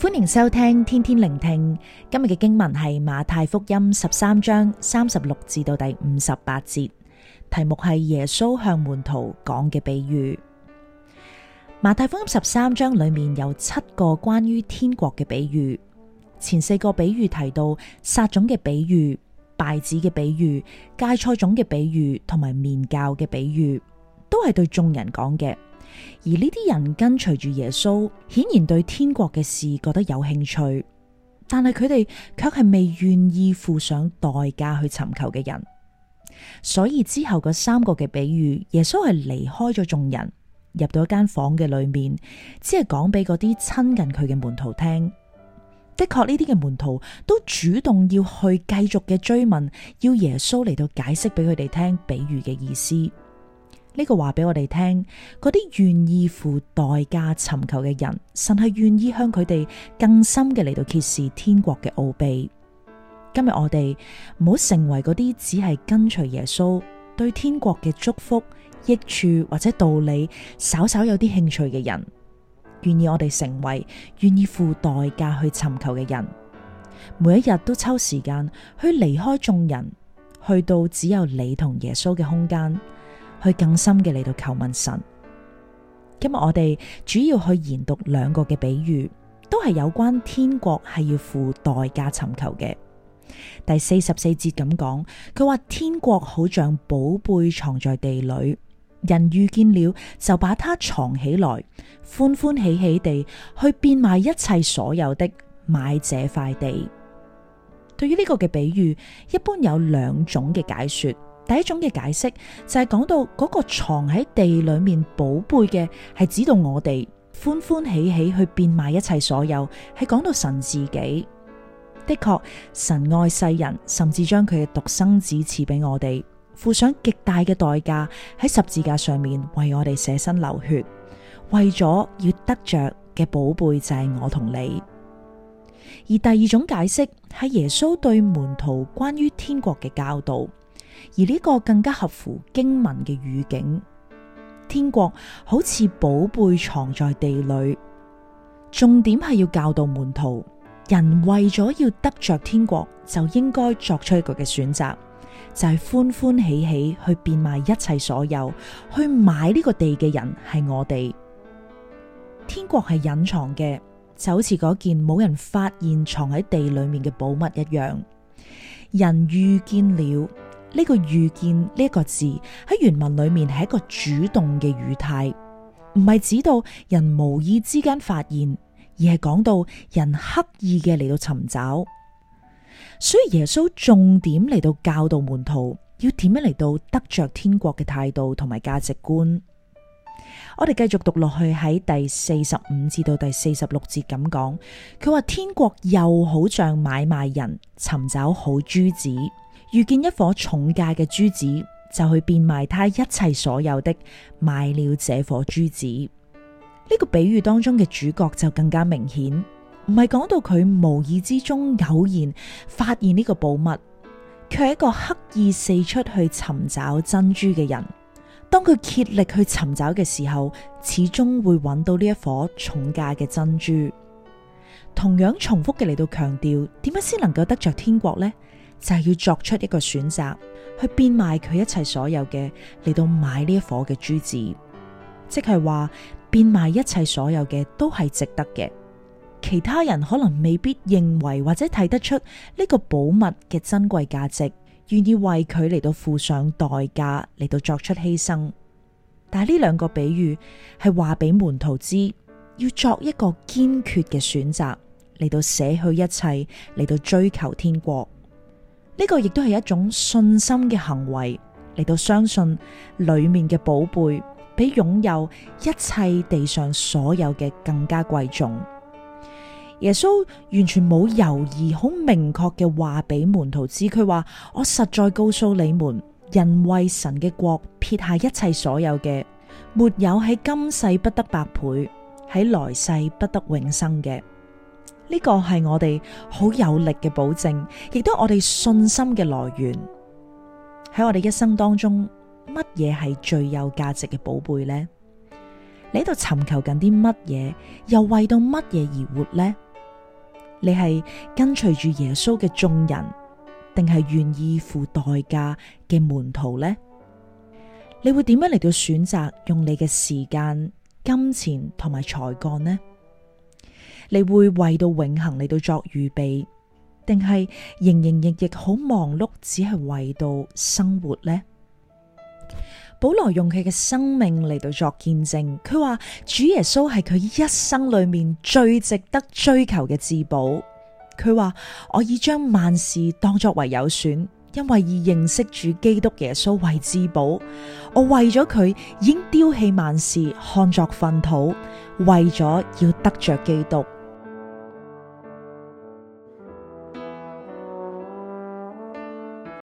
歡迎收聽天天聆聽。今日嘅經文係馬太福音十三章三十六至到第五十八節，題目係耶穌向門徒講嘅比喻。馬太福音十三章裏面有七個關於天國嘅比喻，前四個比喻提到撒種嘅比喻、稗子嘅比喻、芥菜種嘅比喻同埋麵酵嘅比喻，都係對眾人講嘅。而呢啲人跟隨住耶穌，顯然對天國嘅事覺得有興趣，但係佢哋卻係未願意付上代價去尋求嘅人。所以之後嗰三個嘅比喻，耶穌係離開咗眾人，入到一間房嘅裏面，只係講俾嗰啲親近佢嘅門徒聽。的確，呢啲嘅門徒都主動要去繼續嘅追問，要耶穌嚟到解釋俾佢哋聽比喻嘅意思。呢個話俾我哋聽，嗰啲願意付代價尋求嘅人，神係願意向佢哋更深嘅嚟到揭示天國嘅奧秘。今日我哋唔好成為嗰啲只係跟隨耶穌、對天國嘅祝福、益處或者道理稍稍有啲興趣嘅人，願意我哋成為願意付代價去尋求嘅人，每一日都抽時間去離開眾人，去到只有你同耶穌嘅空間。去更深嘅嚟到求問神。今日我哋主要去研讀兩個嘅比喻，都係有關天國係要付代價尋求嘅。第四十四節咁講，佢話天國好像寶貝藏在地裏，人遇見了就把它藏起來，歡歡喜喜地去變賣一切所有的，買這塊地。對於呢個嘅比喻，一般有兩種嘅解說。第一種嘅解釋就係講到嗰個藏喺地裡面寶貝嘅，係指到我哋，歡歡喜喜去變賣一切所有，係講到神自己。的確，神愛世人，甚至將佢嘅獨生子賜俾我哋，付上極大嘅代價，喺十字架上面為我哋捨身流血，為咗要得着嘅寶貝就係我同你。而第二種解釋係耶穌對門徒關於天國嘅教導。而呢個更加合乎經文嘅語境，天國好似寶貝藏在地裡，重點係要教導門徒，人為咗要得着天國，就應該作出一個嘅選擇，就係歡歡喜喜去變賣一切所有，去買呢個地嘅人係我哋。天國係隱藏嘅，就好似嗰件冇人發現藏喺地裏面嘅寶物一樣，人遇見了。呢個遇見呢一個字喺原文裏面係一個主動嘅語態，唔係指到人無意之間發現，而係講到人刻意嘅嚟到尋找。所以耶穌重點嚟到教導門徒要點樣嚟到得着天國嘅態度同埋價值觀。我哋繼續讀落去喺第四十五至到第四十六節咁講，佢話天國又好像買賣人尋找好珠子。遇見一顆重價嘅珠子，就去變賣他一切所有的，買了這顆珠子。呢、這個比喻當中嘅主角就更加明顯，唔係講到佢無意之中偶然發現呢個寶物，佢係一個刻意四出去尋找珍珠嘅人。當佢竭力去尋找嘅時候，始終會揾到呢一顆重價嘅珍珠。同樣重複嘅嚟到強調，點樣先能夠得着天國呢？就係要作出一個選擇，去變賣佢一切所有嘅，嚟到買呢一顆嘅珠子，即係話變賣一切所有嘅都係值得嘅。其他人可能未必認為或者睇得出呢個寶物嘅珍貴價值，願意為佢嚟到付上代價嚟到作出犧牲。但係呢兩個比喻係話俾門徒知，要作一個堅決嘅選擇嚟到捨去一切嚟到追求天國。呢個亦都係一種信心嘅行為嚟到相信裏面嘅寶貝比擁有一切地上所有嘅更加貴重。耶穌完全冇猶豫，好明確嘅話俾門徒知，佢話：我實在告訴你們，人為神嘅國撇下一切所有嘅，沒有喺今世不得百倍，喺來世不得永生嘅。呢個係我哋好有力嘅保證，亦都我哋信心嘅來源。喺我哋一生當中，乜嘢係最有價值嘅寶貝呢？你喺度尋求緊啲乜嘢？又為到乜嘢而活呢？你係跟隨住耶穌嘅眾人，定係願意付代價嘅門徒呢？你會點樣嚟到選擇用你嘅時間、金錢同埋才幹呢？你會為到永恆嚟到作預備，定係營營役亦好忙碌，只係為到生活呢？保羅用佢嘅生命嚟到作見證，佢話主耶穌係佢一生裏面最值得追求嘅至寶。佢話我已將萬事當作為有損，因為已認識主基督耶穌為至寶。我為咗佢，已經丟棄萬事，看作糞土，為咗要得着基督。